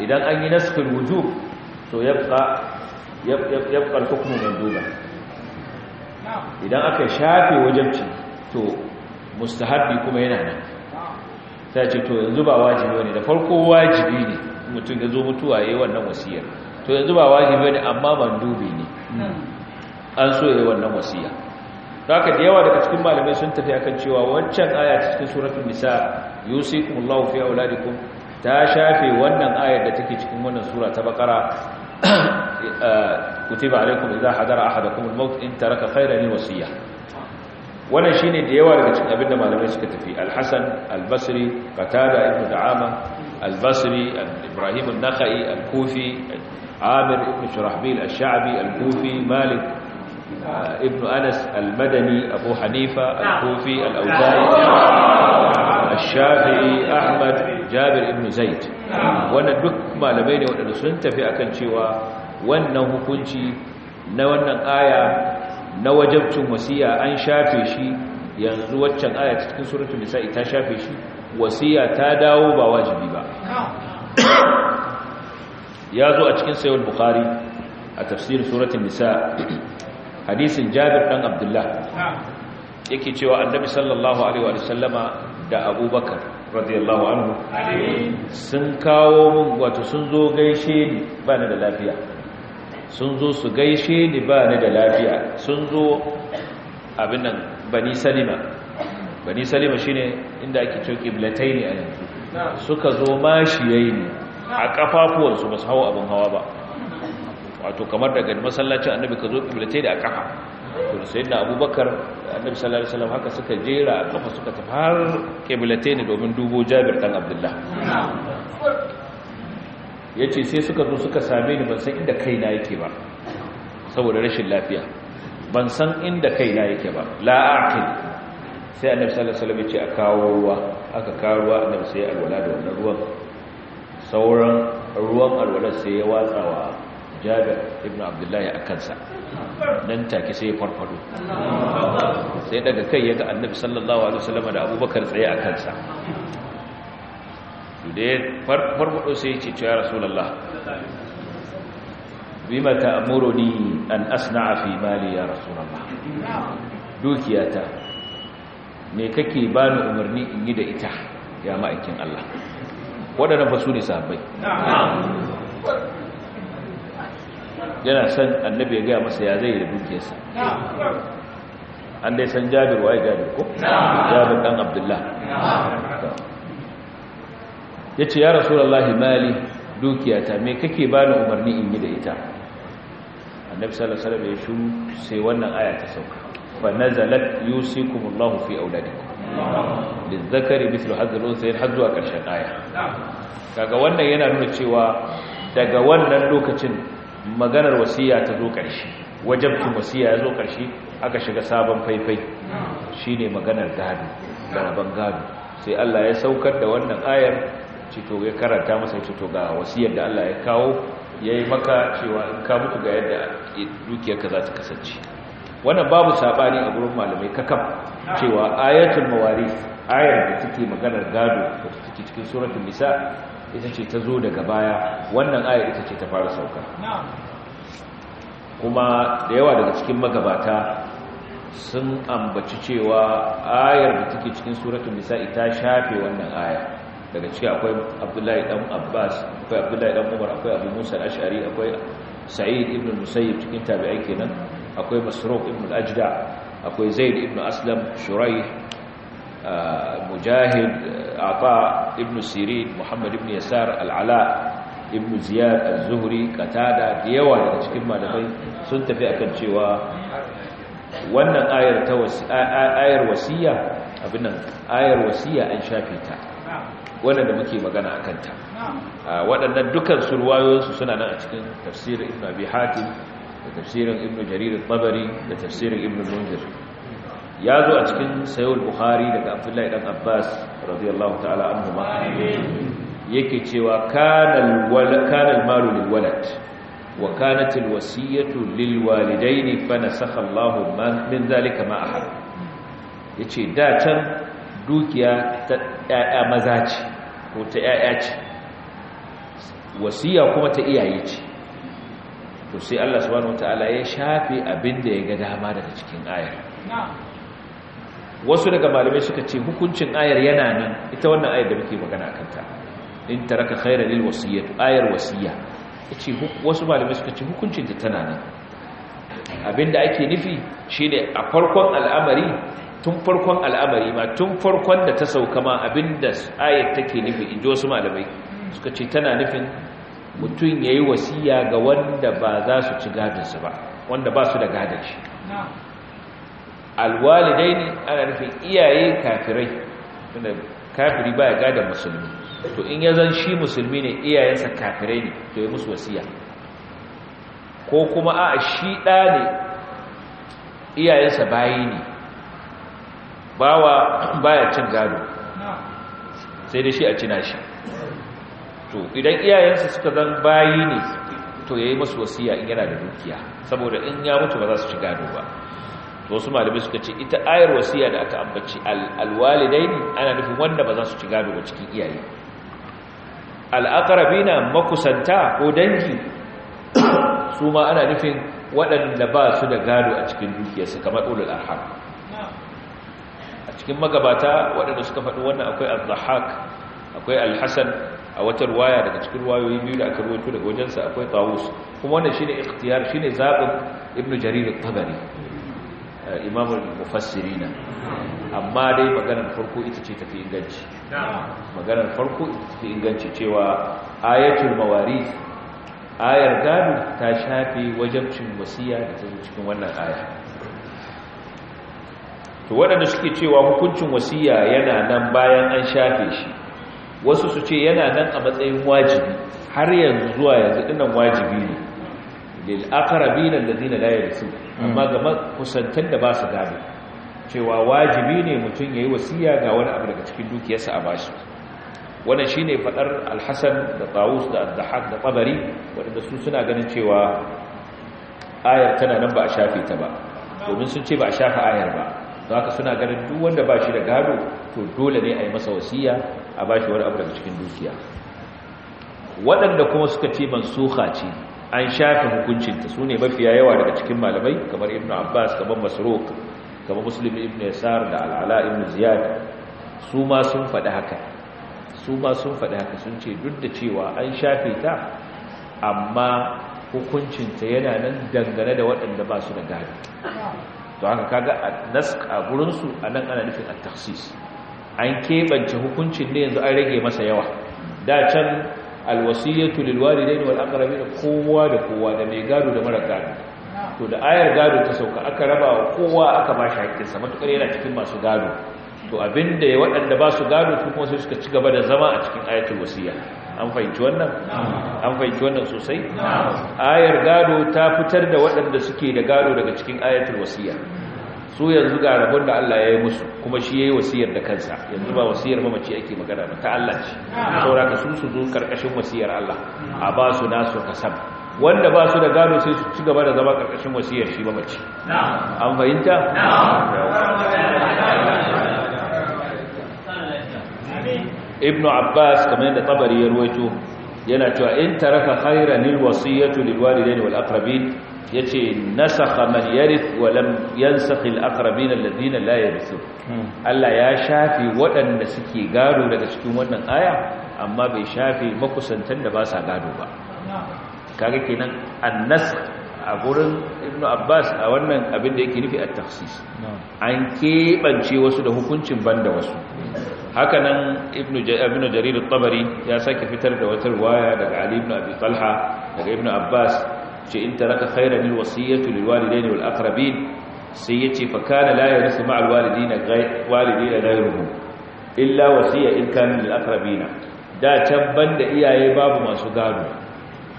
idan an yi naskul wujub to yabqa yabqa kuma manduba idan aka shafe wajabci to mustahabbi kuma yana nan ta ce to yanzu ba wajibi ne da farko wajibi ne mutum ya zo mutuwa yayin wannan wasiyar to yanzu ba wajibi ne amma mandubi ne an so yayin wannan wasiya haka da yawa daga cikin malamai sun tafi akan cewa wancan aya ta cikin suratul nisa yusikumullahu fi auladikum ta shafe wannan ayar da take cikin wannan sura ta bakara (clears throat) eh, kutiba alaikum idza hadara ahadakum al-maut in taraka khayran wasiyah wannan shine da yawa daga cikin abin da malamai suka tafi alhassan albasri al qatada ibn da'ama al-basri ibrahim an al-kufi amir ibn shurahbil al-sha'bi al-kufi malik uh, ibn anas al-madani abu hanifa al-kufi al-awza'i al-shafi'i ahmad jabir ibn zaid wannan duk malamai ne waɗanda sun tafi akan cewa wannan hukunci na wannan aya na wajabcin wasiya an shafe shi yanzu waccan aya cikin suratul nisa ita shafe shi wasiya ta dawo ba wajibi ba ya zo a cikin sayyid bukhari a tafsir suratul nisa hadisin jabir dan abdullah yake cewa annabi sallallahu alaihi wa sallama da abubakar radiyallahu anhu sun kawo mun wato sun zo gaishe ni bani da lafiya sun zo su gaishe ni ba ni da lafiya sun zo abin nan bani salima bani salima shine inda ake cewa qiblatai ne a yanzu suka zo mashiyai ne a kafafuwansu ba su hau abin hawa ba wato kamar daga masallacin annabi ka zo qiblatai da a kafa to da abubakar annabi sallallahu alaihi wasallam haka suka jera a kafa suka tafi har qiblatai ne domin dubo jabir dan abdullah ya ce sai suka zo suka same ni ban san inda kaina yake ba saboda rashin lafiya ban san inda kaina yake ba la'aƙil sai annabi sallallahu alaihi wasallam ya ce a kawo ruwa aka kawo ruwa annabi sai alwala da wannan ruwan sauran ruwan alwala sai ya watsa wa jabir ibn abdullahi a kansa nan take sai ya farfado sai daga kai ya ga annabi sallallahu alaihi wasallam da abubakar tsaye a kansa to da ya farfado sai ya ce ya rasulullah bima ta'muruni an asna'a fi mali ya rasulullah dukiyata me kake bani umarni in yi da ita ya ma'aikin Allah waɗannan fa su ne sahabbai yana san annabi ya gaya masa ya zai da dukiyarsa an dai san jabir waye jabir ko jabir dan abdullah ya ce ya rasulallah mali dukiya ta. me kake ba bani umarni in yi da ita annabi sallallahu alaihi wasallam ya shuru sai wannan aya ta sauka fa nazalat yusikumullahu fi auladikum lizakari mislu hadzul yin har a karshen aya kaga wannan yana nuna cewa daga wannan lokacin maganar wasiya ta zo karshe wajabtu wasiya ya zo karshe aka shiga sabon faifai shine maganar gado da rabon gado sai Allah ya saukar da wannan ayar cito ya karanta masa cito ga wasiyar da Allah ya kawo yayi yi maka cewa in ka mutu ga yadda dukiyarka za ta kasance wannan babu saɓani a gurin malamai kakam cewa ayatul mawaris ayar da take maganar gado da take cikin suratul nisa ita ce ta zo daga baya wannan ayar ita ce ta fara sauka kuma da yawa daga cikin magabata sun ambaci cewa ayar da take cikin suratul nisa ita shafe wannan ayar daga ciki akwai abdullahi ɗan abbas akwai abdullahi ɗan umar akwai abu musa ashari akwai sa'id ibn musayyib cikin tabi'ai kenan akwai masruq ibn ajda akwai zaid ibn aslam shurai uh, mujahid uh, ata ibn sirin muhammad ibn yasar al-ala ibn ziyad az-zuhri qatada da yawa daga cikin malamai sun tafi akan cewa wannan ayar ta ayar wasiya abin nan ayar wasiya an shafe ta wannan da muke magana a kanta waɗannan dukkan surwayoyinsu suna nan a cikin tafsirin ibn abi hatim da tafsirin ibn jarir al-tabari da tafsirin ibn munzir ya zo a cikin sayyid bukhari daga abdullahi dan abbas radiyallahu ta'ala anhu ma yake cewa kana al-walad kana al-malu lil-walad wa kanat al-wasiyatu lil-walidayn fa nasakha Allahu min dhalika ma ahad yace da can dukiya ta ƴaƴa maza ce ko ta ƴaƴa ce wasiya kuma ta iyaye ce to sai Allah subhanahu wataala ya shafe abin da ya ga dama daga cikin ayar wasu daga malamai suka ce hukuncin ayar yana nan ita wannan ayar da muke magana akan ta in taraka khairan lil wasiyyah ayar wasiya yace wasu malamai suka ce hukuncin ta tana nan abinda ake nufi shine a farkon al'amari tun farkon al'amari ma tun farkon da ta sauka ma abinda ayat take nufi ji wasu malamai suka ce tana nufin mutum ya yi wasiya ga wanda ba za su ci gadinsu ba wanda ba su da gadin shi alwalidai ne ana nufin iyaye kafirai wanda kafiri ba ya gada musulmi to in ya zan shi musulmi ne iyayensa kafirai ne to yi musu wasiya ko kuma a shi ɗa ne iyayensa bayi ne bawa baya cin gado sai dai shi a cina shi to idan iyayensa suka zan bayi ne to yayi musu wasiya in yana da dukiya saboda in ya mutu ba za su ci gado ba to wasu malamai suka ce ita ayar wasiya da aka ambaci alwalidaini ana nufin wanda ba za su ci gado ba cikin iyaye al'aqrabina makusanta ko dangi (coughs) su ma ana nufin waɗanda ba su da gado a cikin dukiyarsu kamar ulul arham cikin magabata waɗanda suka faɗi wannan akwai al-dhahak akwai al-hasan a wata ruwaya daga cikin ruwayoyi biyu da aka rubuta, daga wajensa akwai tawus kuma wannan shine ikhtiyar shine zabin ibn jarir at-tabari eh, imam al-mufassirin amma dai maganar farko ita ce tafi inganci maganar farko ita tafi inganci cewa ayatul mawarith ayar gadu ta shafe wajabcin wasiya da ta cikin wannan ayar. to waɗanda suke cewa hukuncin wasiya yana nan bayan an shafe shi wasu su ce yana nan a matsayin wajibi har yanzu zuwa yanzu dinnan wajibi ne lil aqrabin alladhina la yarisu amma ga kusantar da ba su gabe cewa wajibi ne mutum yayi wasiya ga wani abu daga cikin dukiyarsa a bashi wannan shine fadar al-Hasan da Tawus da ad dahak da Tabari wanda su suna ganin cewa ayar tana nan ba a shafe ta ba domin sun ce ba a shafa ayar ba don haka suna ganin duk wanda ba shi da gado to dole ne a yi masa wasiya a ba shi wani abu daga cikin dukiya waɗanda kuma suka ce mansuha ce an shafe hukuncinta su ne mafiya yawa daga cikin malamai kamar ibnu abbas kamar masrok kamar muslim ibn yasar da al'ala ibn ziyad su ma sun faɗi haka su ma sun faɗi haka sun ce duk da cewa an shafe ta amma hukuncinta yana nan dangane da waɗanda ba su da gado to haka kaga nask a gurin su nan ana nufin at-takhsis an kebance hukuncin ne yanzu an rage masa yawa da can alwasiyatu lilwalidaini wal aqrabin kowa da kowa da mai gado da mara gado to da ayar gado ta sauka aka raba wa kowa aka ba shi haƙƙinsa matukar yana cikin masu gado to abin da ya waɗanda ba su gado su kuma sai suka ci gaba da zama a cikin ayatul wasiya an fahimci wannan an fahimci wannan sosai ayar gado ta fitar da waɗanda suke da gado daga cikin ayatul wasiya su yanzu ga rabon da Allah ya yi musu kuma shi ya yi wasiyar da kansa yanzu ba wasiyar mamaci ake magana ba ta Allah ce sauraka su su zo karkashin wasiyar Allah a ba su nasu kasab wanda ba su da gado sai su ci gaba da zama karkashin wasiyar shi mamaci an fahimta ibn abbas kamar yadda tabari ya ruwaito yana cewa in taraka khairan lil wasiyatu lil wal aqrabin yace nasakha man yarith wa lam yansakh al alladhina la yarithu hmm. Allah ya shafi waɗanda suke gado daga cikin wannan aya amma bai shafi makusantan da ba sa gado ba kaga kenan annas a gurin ibn abbas a wannan abin da yake nufi a taksis an keɓance wasu da hukuncin banda wasu hakanan ibn jarir tabari ya sake fitar da wata waya daga ali ibn abi talha daga ibn abbas ce in taraka khairan lil wasiyatu lil walidaini wal aqrabin sai yace fa kana la yarisu ma al walidina ghayr walidina illa wasiya in kana lil aqrabina da ta banda iyaye babu masu gado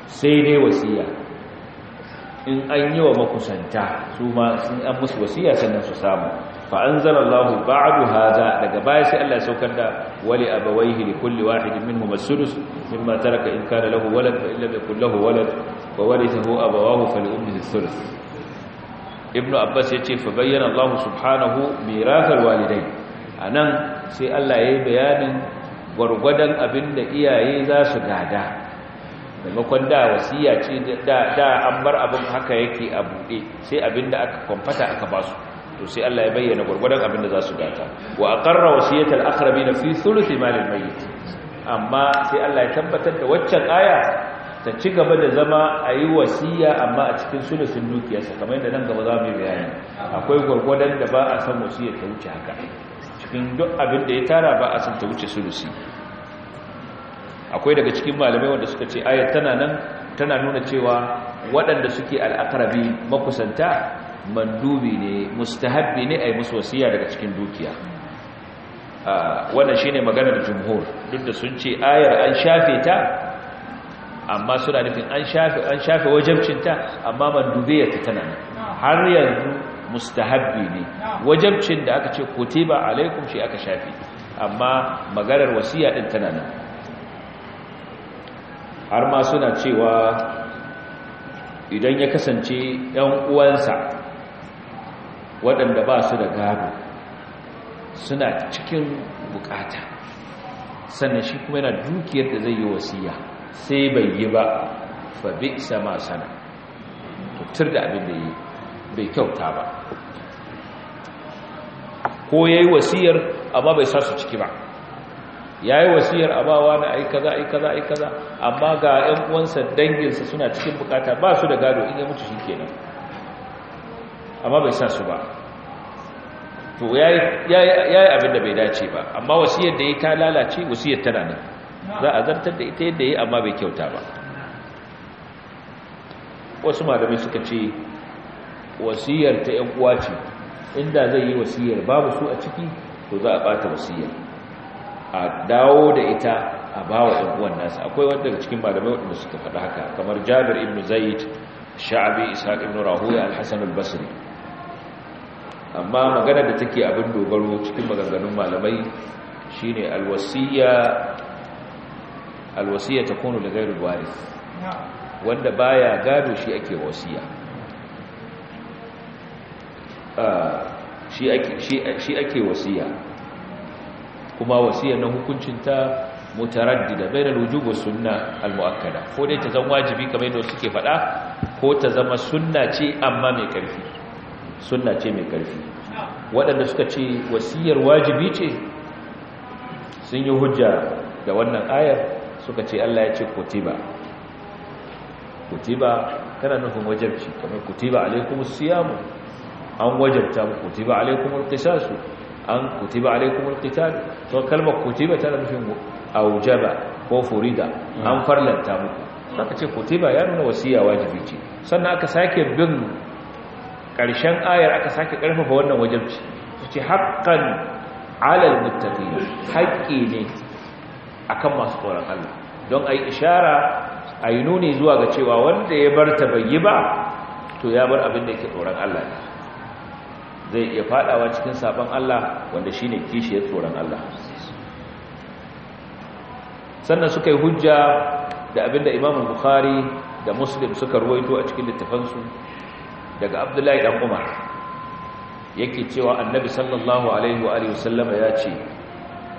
sai dai wasiya in an yi wa makusanta su ma sun an musu wasiya sannan su samu fa anzalallahu ba'du Haza, daga baya sai Allah ya saukar da wali abawayhi li kulli wahidin minhum as-sudus mimma taraka in kana lahu walad fa illam yakul lahu walad wa warithahu abawahu fa li ummihi as-sudus ibn abbas yace fa bayyana Allah subhanahu mirathal walidain anan sai Allah ya yi bayanin gurgurdan abinda iyaye za su gada maimakon da wasiya ce da an bar abin haka yake a buɗe sai abin da aka kwamfata aka ba su to sai Allah ya bayyana gwargwadon abin da za su gata wa aqarra wasiyatal na fi sulusi malil mayyit amma sai Allah ya tabbatar da waccan aya ta ci gaba da zama a yi wasiya amma a cikin sulusin dukiyarsa kamar yadda nan gaba za mu yi bayani akwai gwargwadon da ba a san wasiyar ta wuce haka cikin duk abin da ya tara ba a san ta wuce sulusi akwai daga cikin malamai wanda suka ce ayat tana nan tana nuna cewa waɗanda suke al'akarabi makusanta mandubi ne mustahabbi ne a yi musu wasiya daga cikin dukiya wannan shine maganar jumhur duk da sun ce ayar an shafe ta amma suna nufin an shafe an shafe ta amma ta tana nan har yanzu mustahabbi ne wajabcin da aka ce kutiba alaikum shi aka shafe amma maganar wasiya ɗin tana nan har ma suna cewa idan ya kasance ‘yan uwansa waɗanda ba su da gado suna cikin bukata sannan shi kuma yana dukiyar da zai yi wasiya sai bai yi ba fa bi sama sana tuttur da abin da yi bai kyauta ba ko ya yi wasiyar amma bai sa su ciki ba Ya yi wasiyar abawa na ai kaza a kaza kaza amma ga 'yan uwansa danginsa suna cikin bukata ba su da gado in ya mutu kenan, amma bai sa su ba to ya yi abinda bai dace ba amma wasiyar da ya ta lalace wasiyar tana nan za a zartar da ita yadda yi amma bai kyauta ba wasu malamai suka ce wasiyar ta 'yan uwa ce inda zai yi wasiyar babu su a ciki to za a bata wasiyar a dawo da ita a bawa wa uwan nasa akwai wanda da cikin malamai waɗanda suka faɗa haka kamar jabir ibn zayid sha'abi Isa, ibn rahuya Alhassan, basri amma magana da take abin dogaro cikin maganganun malamai shine alwasiya alwasiya kono da Zairu waris wanda baya gado shi ake wasiya ah, shi ake wasiya kuma wasiyar na hukuncinta mutaraddida bainal wujub was sunna al muakkada ko dai ta zama wajibi kamar yadda suke faɗa ko ta zama sunna ce amma mai ƙarfi sunna ce mai ƙarfi. waɗanda suka ce wasiyar wajibi ce sun yi hujja da wannan ayar suka ce Allah ya ce kutiba kutiba kana nufin wajabci kamar kutiba alaikumus siyamu an wajabta kutiba alaikumul qisasu an kutiba alaikumul qital to kalmar kutiba tana nufin aujaba ko furida an farlanta muku saka ce kutiba ya nuna wasiya wajibi ce sannan aka sake bin karshen ayar aka sake karfafa wannan wajibi ce haqqan alal muttaqin haqqi ne akan masu tsoron Allah don ai ishara ai nuni zuwa ga cewa wanda ya bar ta bayyi ba to ya bar abin da yake tsoron Allah ne zai iya fadawa cikin sabon Allah wanda shine kishiyar tsoron Allah sannan suka yi hujja da abinda Imam Bukhari da Muslim suka ruwaito a cikin littafansu daga Abdullahi dan Umar yake cewa Annabi sallallahu alaihi wa alihi wasallama ya ce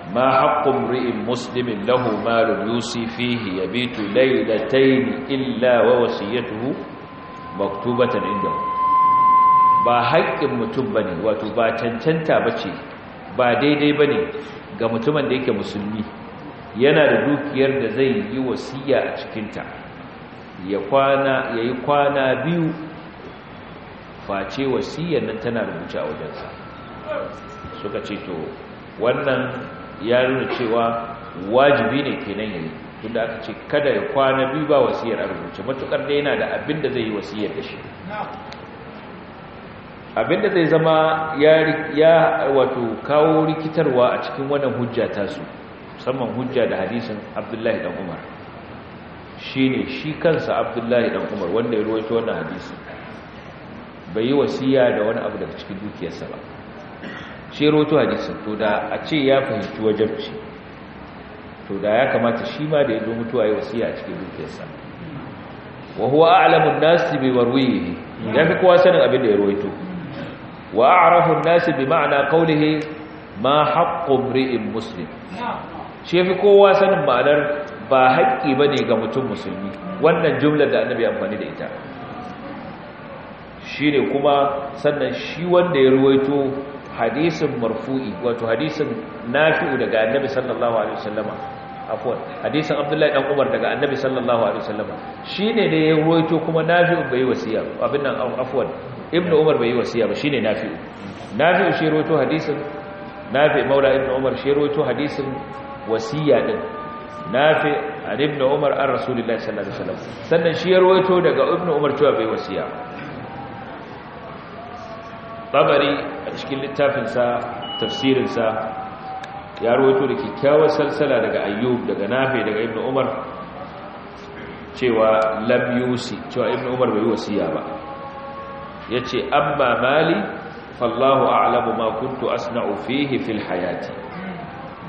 ما حق امرئ مسلم له مال يوصي فيه يبيت ليلتين إلا ووصيته مكتوبة عنده ba haƙƙin mutum ba ne wato ba cancanta ba ce ba daidai ba ne ga mutumin da yake musulmi yana da dukiyar da zai yi wasiya a cikinta ya yi kwana biyu face wasiyar nan tana rubuce wajensa suka ce to wannan ya nuna cewa wajibi ne kenan tun da aka ce kada ya kwana biyu ba wasiyar a rubuce matukar da yana da abin da zai yi wasiyar da shi abinda zai zama ya wato kawo rikitarwa a cikin wannan hujja ta su musamman hujja da hadisin abdullahi dan umar shi ne shi kansa abdullahi dan umar wanda ya ruwaito wannan hadisi bai yi wasiya da wani abu daga cikin dukiyarsa ba shi ya ruwaito hadisin to da a ce ya fahimci wajabci to da ya kamata shi ma da ya zo mutuwa ya wasiya a cikin dukiyarsa wa huwa a'lamun nasi bi marwihi ya fi kowa sanin abin da ya ruwaito wa a'rafu an-nas bi ma'ana qawlihi ma haqqu imri'in muslim shi fi kowa sanin ma'anar ba haƙƙi bane ga mutum musulmi wannan jumla da annabi amfani da ita shine kuma sannan shi wanda ya ruwaito hadisin marfu'i wato hadisin nafi'u daga annabi sallallahu alaihi wasallama afwan hadisin abdullahi dan umar daga annabi sallallahu alaihi wasallama shine da ya ruwaito kuma nafi'u bai wasiya abin nan afwan ibnu umar bai yi wasiya ba shine nafi'u nafi'u shi rawaito hadisin nafi maula ibnu umar shi rawaito hadisin wasiya din nafi an ibnu umar an rasulullahi sallallahu alaihi wasallam sannan shi rawaito daga ibnu umar cewa bai wasiya Babari a cikin littafinsa tafsirinsa ya rawaito da kyakkyawar salsala daga ayyub daga nafi daga ibnu umar cewa lam yusi cewa ibnu umar bai wasiya ba ya ce amma mali fallahu a'lamu makuntu asna'u fihi fil hayati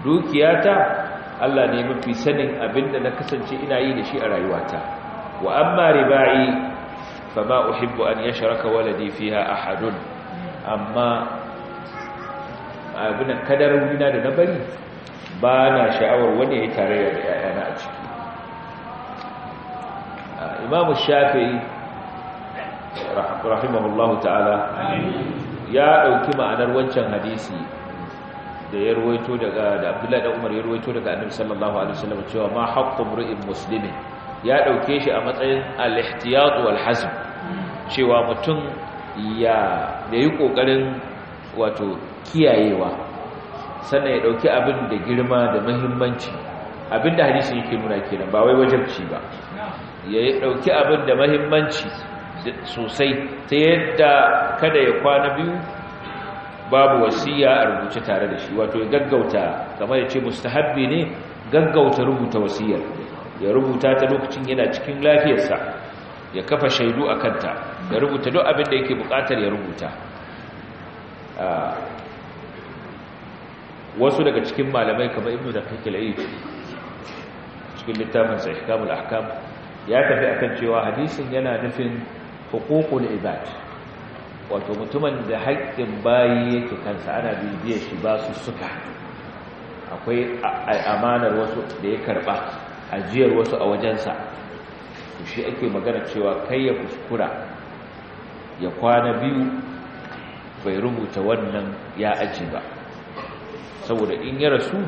dukiyata Allah ne mafi sanin abinda na kasance ina yi da shi a rayuwata wa amma riba'i fama uhibbu an yashraka waladi fiha ahadun amma abin kadarin gina da na bari ba na sha'awar wani ya tare da ƴaƴana a ciki imamu shafi'i rahimahullahu ta'ala ya ɗauki ma'anar wancan hadisi da ya ruwaito daga da abdullahi da umar ya ruwaito daga annabi sallallahu alaihi wasallam cewa ma haqqu mar'in muslimin ya ɗauke shi a matsayin al-ihtiyat wal hazm cewa mutum ya da yi kokarin wato kiyayewa sannan ya ɗauki abin da girma da muhimmanci abinda hadisi yake nuna kenan ba wai wajabci ba ya ɗauki abin da muhimmanci sosai ta yadda kada ya kwana biyu babu wasiya a rubuce tare da shi wato ya gaggauta kamar ya ce mustahabbi ne gaggauta rubuta wasiyar ya rubuta ta lokacin yana cikin lafiyarsa ya kafa shaidu a kanta ya rubuta duk abin da yake bukatar ya rubuta wasu daga cikin malamai kamar ibnu da kakil cikin littafin sa ahkamul ahkam ya tafi akan cewa hadisin yana nufin hukukul ibad wato mutumin da haƙƙin bayi yake kansa ana bibiye shi ba su suka akwai amanar wasu da ya karba ajiyar wasu a wajensa to shi ake magana cewa kai ya kuskura ya kwana biyu bai rubuta wannan ya aji ba saboda in ya rasu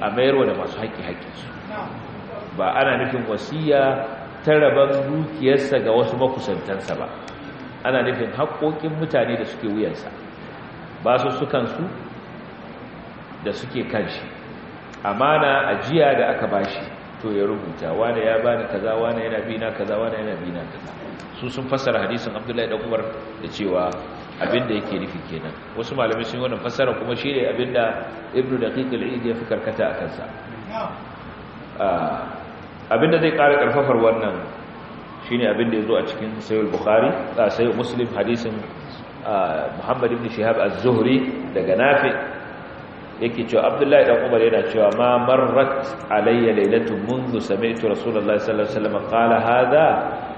a mayarwa da masu haƙƙi haƙi ba ana nufin wasiya ta rabar dukiyarsa ga wasu makusantansa ba ana nufin haƙoƙin mutane da suke wuyansa ba su da suke kanshi amana ajiya da aka bashi to ya rubuta wane ya bani kaza wane yana bina kaza wane yana bina kaza su sun fassara hadisin abdullahi dan umar da cewa abinda yake nufi kenan wasu malamai sun yi wannan fassara kuma shi ne abinda ibnu daqiq al-eid ya fi karkata a kansa abinda zai ƙara ƙarfafar wannan shine abinda ya zo a cikin sayyid bukhari a sayyid muslim hadisin muhammad ibn shihab az-zuhri daga nafi yake cewa abdullahi dan umar yana cewa ma marrat alayya laylatu munzu sami'tu rasulullahi sallallahu alaihi wasallam qala hadha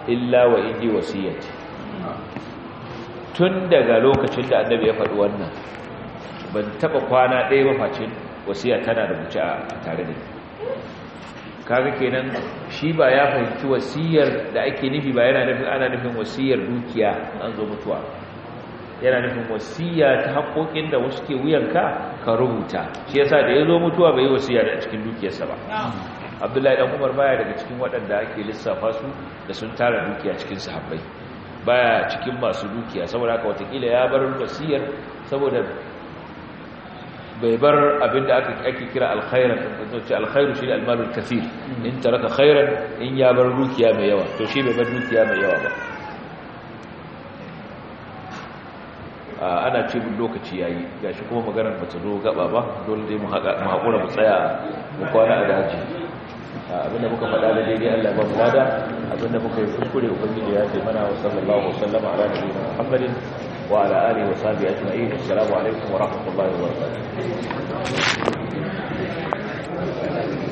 illa wa indi wasiyati tun daga lokacin da annabi ya faɗi wannan ban taɓa kwana ɗaya mafacin wasiya tana rubuce a tare da ni kaga kenan shi ba ya fahimci wasiyar da ake nufi ba yana nufin ana nufin wasiyar dukiya an zo mutuwa yana nufin wasiya ta haƙoƙin da wasu ke wuyanka ka rubuta shi yasa da ya zo mutuwa bai yi wasiya da cikin dukiyarsa ba abdullahi dan umar baya daga cikin waɗanda ake lissafa su da sun tara dukiya cikin sahabbai baya cikin masu dukiya saboda haka watakila ya bar wasiyar saboda bai bar abin da ake kira alkhairan ce alkhairu shi ne ta kasir in taraka khairan in ya bar dukiya mai yawa to shi bai bar dukiya mai yawa ba ana ce mun lokaci yayi gashi kuma maganar ba ta zo gaba ba dole dai mahaƙura mu tsaya mu kwana a daji abinda muka faɗa da daidai Allah ba mu Abin abinda muka yi kuskure ubangiji ya ce mana wa sallallahu alaihi ala nabiyina Muhammadin وعلى آله وصحبه أجمعين السلام عليكم ورحمة الله وبركاته